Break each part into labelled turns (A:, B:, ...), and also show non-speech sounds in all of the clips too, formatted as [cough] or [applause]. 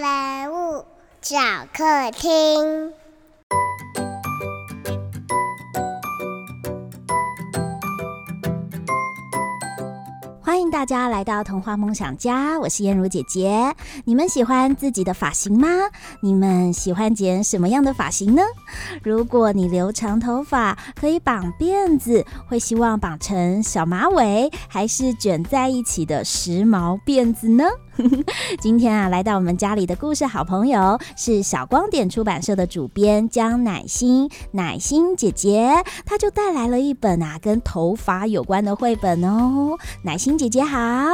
A: 人物小客廳，歡迎大家來到童話夢想家，我是燕如姐姐。你們喜歡自己的髮型嗎？你們喜歡剪什麼樣的髮型呢？如果你留長頭髮，可以綁辮子，會希望綁成小馬尾，還是卷在一起的時髦辮子呢？ [laughs] 今天啊，來到我們家裡的故事好朋友是小光點出版社的主編江乃欣，乃欣姐姐，她就帶來了一本啊跟頭髮有關的繪本哦。乃欣姐姐好，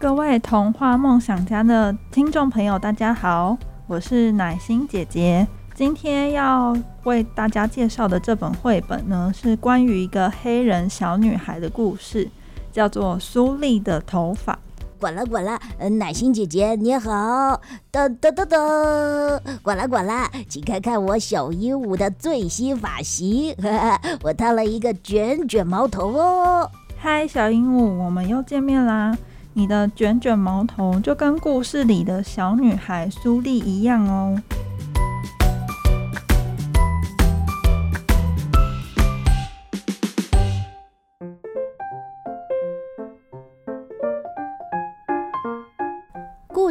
B: 各位童話夢想家的聽眾朋友，大家好，我是乃欣姐姐。今天要為大家介紹的這本繪本呢，是關於一個黑人小女孩的故事，叫做《蘇麗的頭髮》。
A: 管啦，管啦，嗯，乃欣姐姐你好，噔噔噔噔，管啦，管啦，請看看我小鸚鵡的最新髮型，哈哈，我燙
B: 了一個捲捲毛頭哦。嗨，小鸚鵡，我們又見面啦！你的捲捲毛頭就跟故事裡的小女孩蘇麗一樣哦。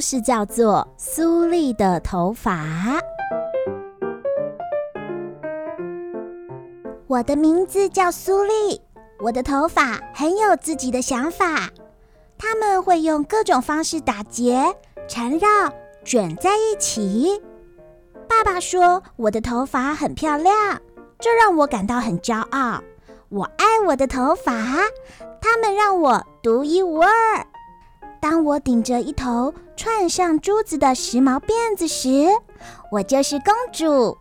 A: 是叫做蘇麗的頭髮。我的名字叫蘇麗，我的頭髮很有自己的想法，他們會用各種方式打結、纏繞、捲在一起。爸爸說我的頭髮很漂亮，這讓我感到很驕傲。我愛我的頭髮，他們讓我獨一無二。當我頂着一頭串上珠子的時髦辮子時，我就是公主；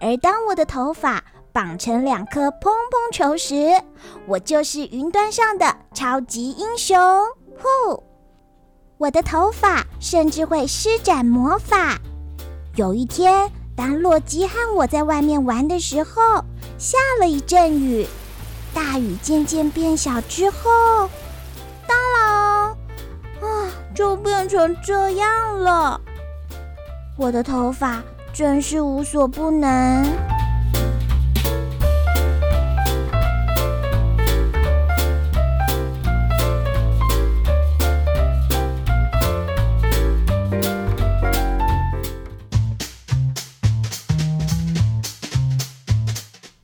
A: 而當我的頭髮綁成兩顆蓬蓬球時，我就是雲端上的超級英雄。呼，我的頭髮甚至會施展魔法。有一天，當洛基和我在外面玩的時候，下了一陣雨，大雨漸漸變小之後。就變成這樣了。我的頭髮真是無所不能。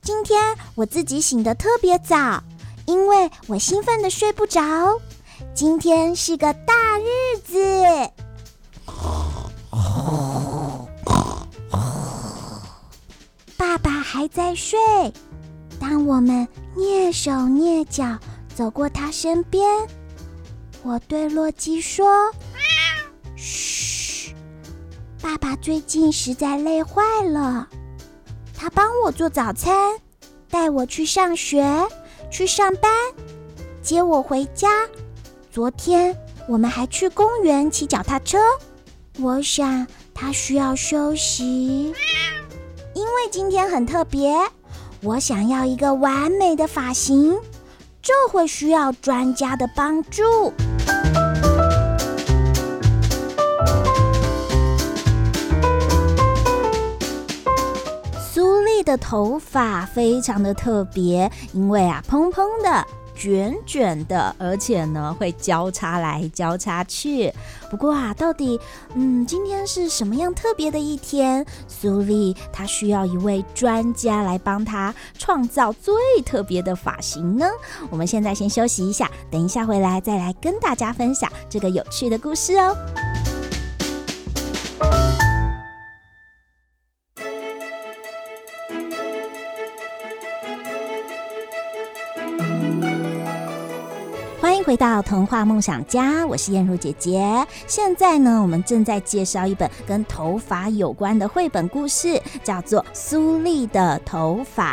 A: 今天我自己醒得特別早，因為我興奮的睡不着。今天是個大大日子，爸爸還在睡。當我們躡手躡腳走過他身邊，我對洛基說：“噓，爸爸最近實在累壞了。他幫我做早餐，帶我去上學，去上班，接我回家。昨天。”我們還去公園騎腳踏車。我想他需要休息，因為今天很特別。我想要一個完美的髮型，這會需要專家的幫助。蘇麗的頭髮非常的特別，因為啊，蓬蓬的。捲捲的，而且呢，會交叉來交叉去。不過啊，到底嗯，今天是什麼樣特別的一天？蘇麗她需要一位專家來幫她創造最特別的髮型呢。我們現在先休息一下，等一下回來再來跟大家分享這個有趣的故事哦。回到童話夢想家，我是燕如姐姐。現在呢，我們正在介紹一本跟頭髮有關的繪本故事，叫做《蘇麗的頭髮》。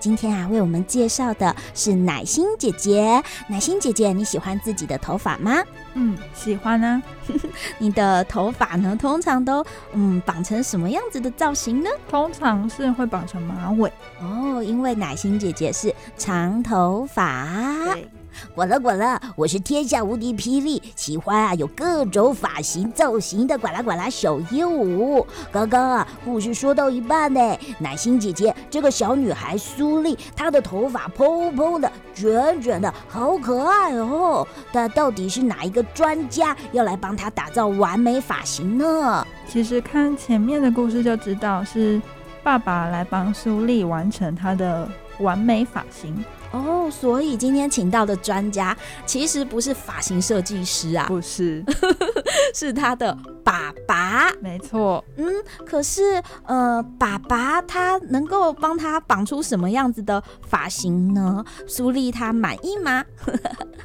A: 今天啊，為我們介紹的是乃欣姐姐。乃欣姐姐，你喜歡自己的頭髮嗎？
B: 嗯，
A: 喜歡啊。 [laughs] 你的頭髮呢，通常都嗯綁成什麼樣子的造型呢？通常是會綁成馬尾。哦，因為乃欣姐，姐姐是長頭髮。對。呱啦呱啦，我是天下無敵霹靂，喜歡啊有各種髮型造型的呱啦呱啦小鸚鵡。剛剛啊，故事說到一半呢，乃欣姐姐這個小女孩蘇麗，她的頭髮蓬蓬的捲捲的，好可愛哦。她到底是哪一個
B: 專家要來幫她打造完美髮型呢？其實看前面的故事就知道，是爸爸來幫蘇麗完成她的。完美髮型哦，所以今天請到的專家其實不是髮型設計師啊，不是， [laughs] 是他的爸爸，沒錯。
A: 嗯，可是呃，爸爸他能夠幫他綁出什麼樣子的髮型呢？蘇麗他滿意嗎？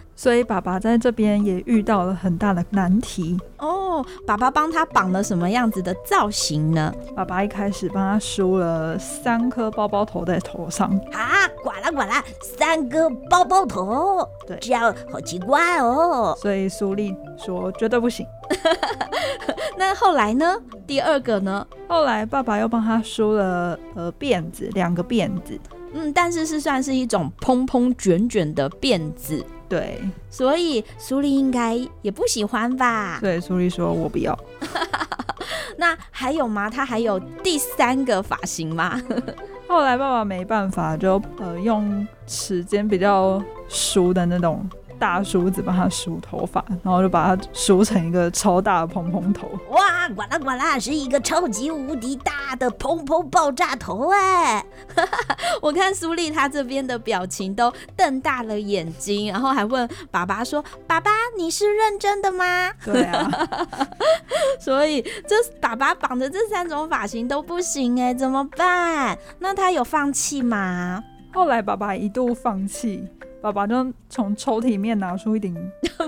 A: [laughs] 所以爸爸在這邊也遇到了
B: 很大的難題哦。爸爸幫他綁了什麼樣子的造型呢？爸爸一開始幫他梳了三顆包包頭在頭上啊，管了管了，三個包包頭，對，這樣好奇怪哦。所以蘇麗說絕對不行。 [laughs] 那後來呢？第二個呢？後來爸爸又幫他梳了呃辮子，兩個辮子，嗯，但是是算是一種蓬蓬卷卷的辮子。對，
A: 所以蘇麗應該也不喜歡吧？對，
B: 蘇麗說：“我不要。
A: [laughs] ”那還有嗎？他還有第三個髮型嗎？
B: [laughs] 後來爸爸沒辦法，就呃用時間比較熟的那種。大梳子幫他梳頭髮，然後就把他梳成一個超大的蓬蓬頭。
A: 哇，管啦管啦，是一個超級無敵大的蓬蓬爆炸頭哎、欸！ [laughs] 我看蘇麗他這邊的表情都瞪大了眼睛，然後還問爸爸說：“爸爸，你是認真的嗎？”對啊。 [laughs] [laughs] 所以這爸爸綁的這三種髮
B: 型都不行哎、欸，怎麼辦？那他有放棄嗎？後來爸爸一度放棄。爸爸就從抽屜裡面拿出一頂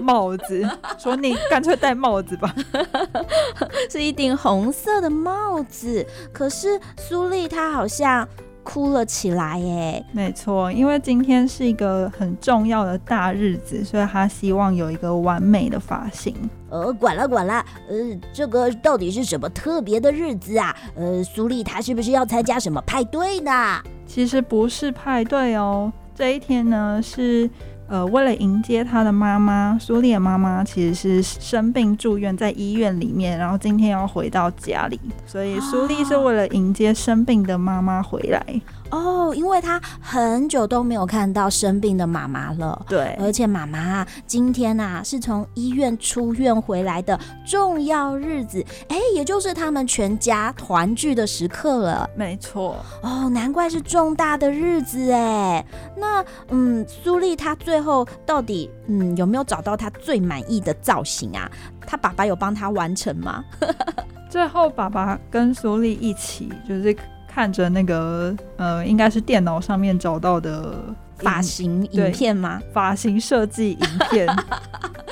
B: 帽子， [laughs] 說：“你乾脆戴帽子吧。 [laughs] [laughs] ”是一頂紅色的帽子，可是蘇麗她好像哭了起來。耶，沒錯，因為今天是一個很重要的大日子，所以她希望有一個完美的髮型。
A: 呃，管了管了，呃，這個到底是什麼特別的日子啊？呃，
B: 蘇麗她是不是要參加什麼派對呢？其實不是派對哦。這一天呢是。呃，為了迎接他的媽媽，蘇麗的媽媽其實是生病住院在醫院裡面，然後今天要回到家裡，所以蘇麗是為了迎接生病的媽媽回來
A: 哦，因為他很久都沒有看到生病的媽媽了，對，而且媽媽今天啊是從醫院出院回來的重要日子，哎、欸，也就是他們全家團聚的時刻了，沒錯，哦，難怪是重大的日子哎，那嗯，蘇麗他最。最後到底嗯有沒有找到他最滿意的造型啊？他
B: 爸爸有幫他完成嗎？ [laughs] 最後爸爸跟蘇麗一起就是看着那個呃應該是電腦上面找到的髮型影片嗎？髮型設計影片。 [laughs]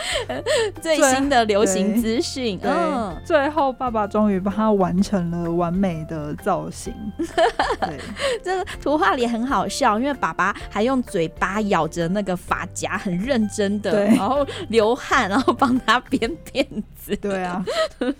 A: 最新的流行資訊。嗯，
B: 最後爸爸終於幫他完成了完美的造型。 [laughs]
A: 對 [laughs] 這
B: 個圖畫裡很
A: 好笑，因為爸爸還用嘴巴咬着那個髮夾，很認真的，然後流汗，然後幫他編辮子。對啊，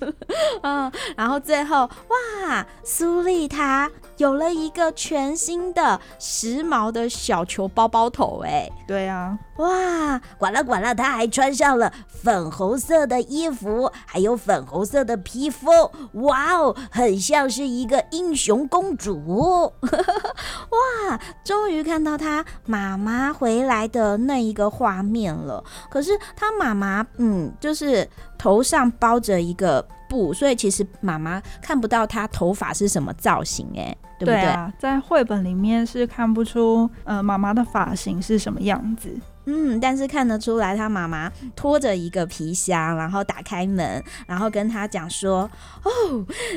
A: [laughs] 嗯，然後最後哇，蘇麗她有了一個全新的時髦的小球包包頭，欸。哎，對啊，哇，管了管了，他還穿上。了粉紅色的衣服，還有粉紅色的披風，哇哦，很像是一個英雄公主。 [laughs] 哇，終於看到她媽媽回來的那一個畫面了。可是她媽媽，嗯，就是頭上包着一個布，所以其實媽媽看不到她頭髮是什麼造型哎，對啊，對不對？
B: 在繪本裡面是看不出，呃，媽媽的髮型是什麼樣子。嗯，但是看得出來，他媽媽拖着一個皮
A: 箱，然後打開門，然後跟他講說：“哦，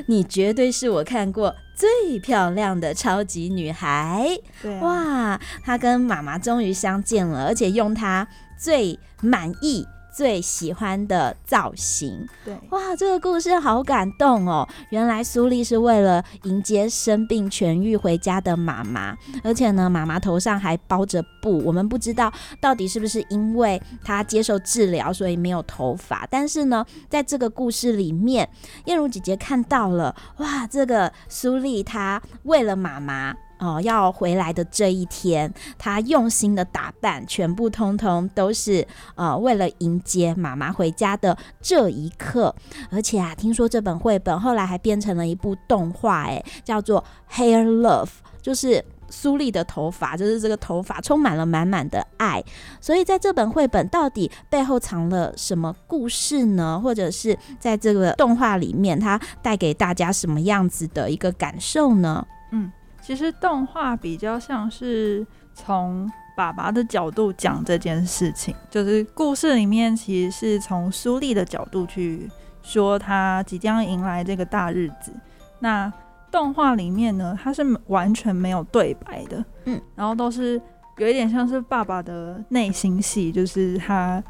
A: 你絕對是我看過最漂亮的超級女孩。”對啊。哇，他跟媽媽終於相見了，而且用他最滿意。最喜歡的造型，對哇，這個故事好感動哦！原來蘇麗是為了迎接生病痊癒回家的媽媽，而且呢，媽媽頭上還包着布。我們不知道到底是不是因為她接受治療，所以沒有頭髮，但是呢，在這個故事裡面，燕如姐姐看到了哇，這個蘇麗她為了媽媽。哦、呃，要回來的這一天，她用心的打扮，全部通通都是呃，為了迎接媽媽回家的這一刻。而且啊，聽說這本繪本後來還變成了一部動畫，哎，叫做《Hair Love》，就是蘇麗的頭髮，就是這個頭髮充滿了滿滿的愛。所以，在這本繪本到底背後藏了什麼故事呢？或者是在這個動畫裡面，它帶給大家什麼樣子的一個感受呢？嗯。
B: 其實動畫比較像是從爸爸的角度講這件事情，就是故事裡面其實是從蘇麗的角度去說她即將迎來這個大日子。那動畫裡面呢，他是完全沒有對白的，嗯，然後都是有一點像是爸爸的內心戲，就是他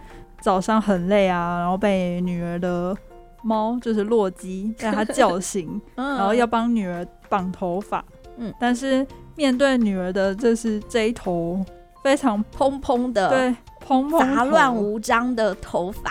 B: 早上很累啊，然後被女兒的貓就是洛基把他叫醒， [laughs] 然後要幫女兒綁頭髮。嗯，但是面對女兒的這是這一頭非常蓬蓬的對蓬蓬雜亂無章的頭髮，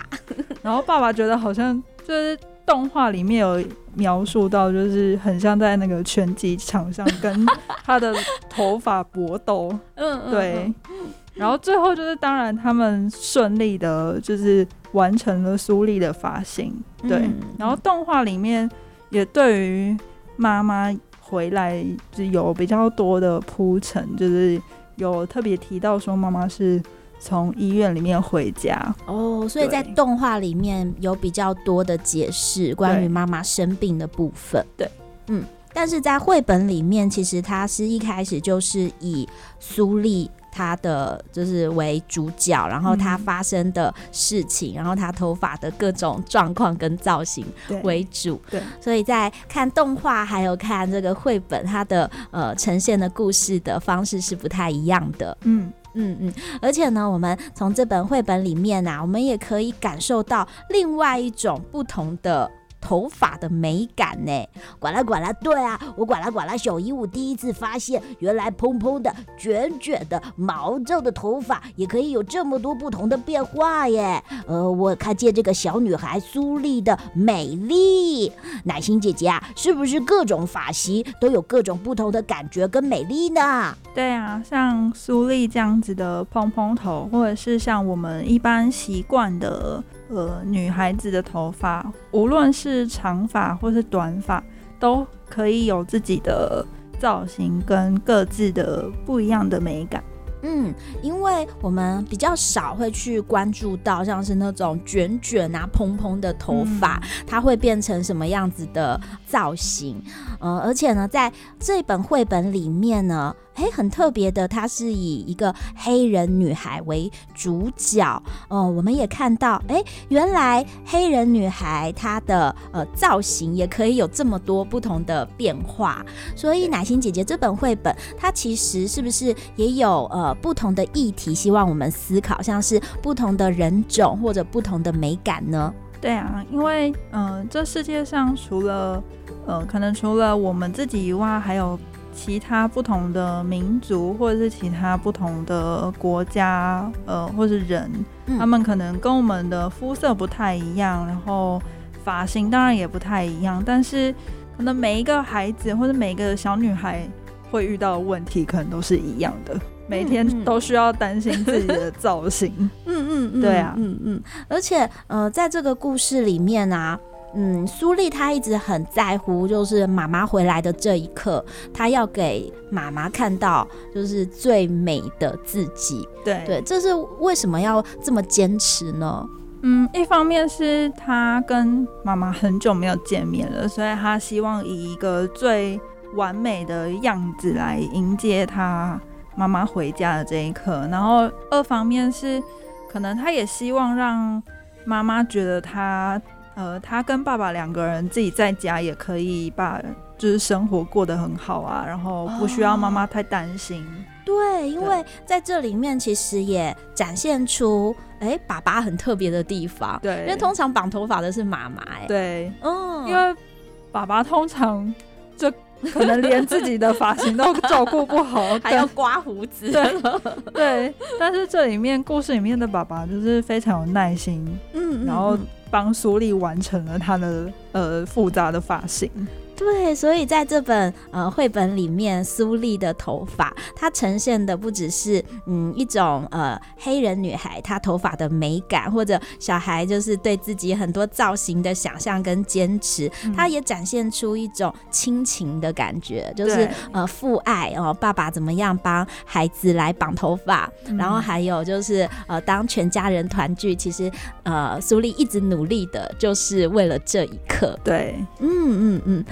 B: 然後爸爸覺得好像就是動畫裡面有描述到，就是很像在那個拳擊場上跟他的頭髮搏鬥。 [laughs] 嗯，對、嗯嗯。然後最後就是當然他們順利的就是完成了蘇麗的髮型。對、嗯。然後動畫裡面也對於媽媽。回來就有比較多的鋪陳，就是有特別提到說媽媽是從醫院裡面回家哦
A: ，oh，所以在動畫裡面有比較多的解釋關於媽媽生病的部分。對，嗯，但是在繪本裡面，其實它是一開始就是以蘇麗。他的就是為主角，然後他發生的事情、嗯，然後他頭髮的各種狀況跟造型為主。對，對。所以在看動畫還有看這個繪本，它的呃呈現的故事的方式是不太一樣的。嗯嗯嗯，而且呢，我們從這本繪本裡面呢、啊，我們也可以感受到另外一種不同的。頭髮的美感呢？管啦管啦。對啊，我管啦管啦。小一，我第一次發現，原來蓬蓬的、捲捲的、毛躁的頭髮也可以有這麼多不同的變化耶！呃，我看見這個小女孩蘇麗的美麗，乃欣姐姐啊，是不是各種髮型都有各種不同的感覺跟美麗呢？
B: 對啊，像蘇麗這樣子的蓬蓬頭，或者是像我們一般習慣的。呃，女孩子的頭髮，無論是長髮或是短髮，都可以有自己的造型跟各自的不一樣的美感。
A: 嗯，因為我們比較少會去關注到，像是那種捲捲啊、蓬蓬的頭髮，嗯，它會變成什麼樣子的造型？呃，而且呢，在這本繪本裡面呢，誒，很特別的，它是以一個黑人女孩為主角哦、呃。我們也看到，誒，原來黑人女孩她的呃造型也可以有這麼多不同的變化。所以乃欣姐姐這本繪本，它其實是不是也有呃不同的議題，希望我們思考，像是不同的人種或者不同的美感呢？
B: 對啊，因為嗯、呃，這世界上除了呃，可能除了我們自己以外，還有。其他不同的民族，或者是其他不同的國家，呃，或者是人，嗯，他們可能跟我們的膚色不太一樣，然後髮型當然也不太一樣，但是可能每一個孩子或者每一個小女孩會遇到的問題，可能都是一樣的，每天都需要擔心自己的造型。嗯嗯，嗯，對啊，嗯嗯，而且呃，在這個
A: 故事裡面啊。嗯，蘇麗她一直很在乎，就是媽媽回來的這一刻，她要給媽媽看到，就是最美的自己。對，對，這是為什麼要這麼堅持呢？嗯，
B: 一方面是她跟媽媽很久沒有見面了，所以她希望以一個最完美的樣子來迎接她媽媽回家的這一刻。然後二方面是，可能她也希望讓媽媽覺得她……呃，他跟爸爸兩個人自己在家也可以把，就是生活過得很好啊，然後不需要媽媽太擔心。哦，
A: 對，因為在這裡面其實也展現出，欸，爸爸很特別的地方。對，因為通常綁頭髮的是媽媽，哎，對，
B: 嗯，因為爸爸通常就可能連自己的髮型都照顧不好，還要
A: 刮鬍子。對，
B: 對，但是這裡面故事裡面的爸爸就是非常有耐心，嗯，
A: 然後。
B: 幫蘇麗完成了她的呃複雜的髮型。對，所以在這
A: 本呃繪本裡面，蘇麗的頭髮，它呈現的不只是嗯一種呃黑人女孩她頭髮的美感，或者小孩就是對自己很多造型的想象跟堅持，嗯、它也展現出一種親情的感覺，就是呃父愛哦，爸爸怎麼樣幫孩子來綁頭髮，嗯、然後還有就是呃當全家人團聚，其實呃蘇麗一直努力的就是為了這一刻。對，嗯嗯嗯。嗯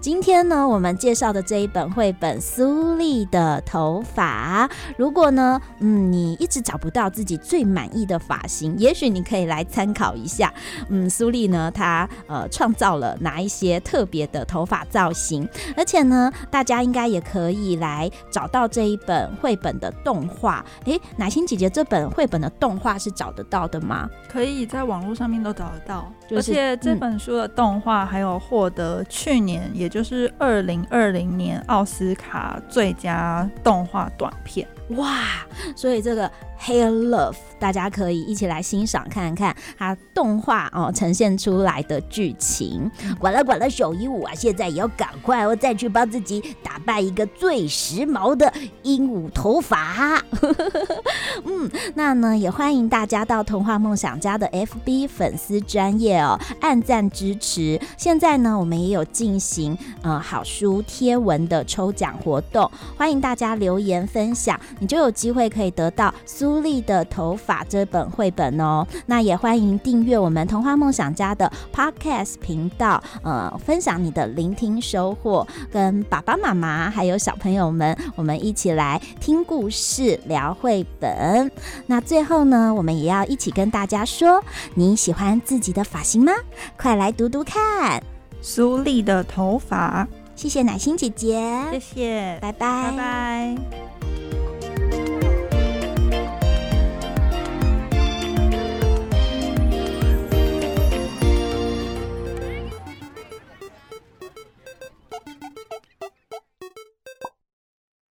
A: 今天呢，我們介紹的這一本繪本《蘇麗的頭髮》，如果呢，嗯，你一直找不到自己最滿意的髮型，也許你可以來參考一下。嗯，蘇麗呢，她呃創造了哪一些特別的頭髮造型，而且呢，大家應該也可以來找到這一本繪本的動畫。哎、欸，乃欣姐姐，這本繪本的動畫是找得到的嗎？
B: 可以在網絡上面都找得到、就是，而且這本書的動畫還有獲得去年。也就是二零二零年奧斯卡最佳動畫短片。哇，所以
A: 這個 Hair Love，大家可以一起來欣賞看看它動畫哦、呃、呈現出來的劇情。管了管了，小鸚鵡啊，現在也要趕快哦，再去幫自己打扮一個最時髦的鸚鵡頭髮。 [laughs] 嗯，那呢也歡迎大家到童話夢想家的 FB 粉絲專頁哦，按讚支持。現在呢，我們也有進行呃好書貼文的抽獎活動，歡迎大家留言分享。你就有機會可以得到蘇麗的頭髮這本繪本哦。那也歡迎訂閱我們童話夢想家的 Podcast 頻道，呃，分享你的聆聽收穫，跟爸爸媽媽還有小朋友們，我們一起來聽故事、聊繪本。那最後呢，我們也要一起跟大家說，你喜歡自己的髮型嗎？快來讀讀看蘇麗的頭髮。謝謝乃欣姐姐，謝謝，拜拜，拜拜。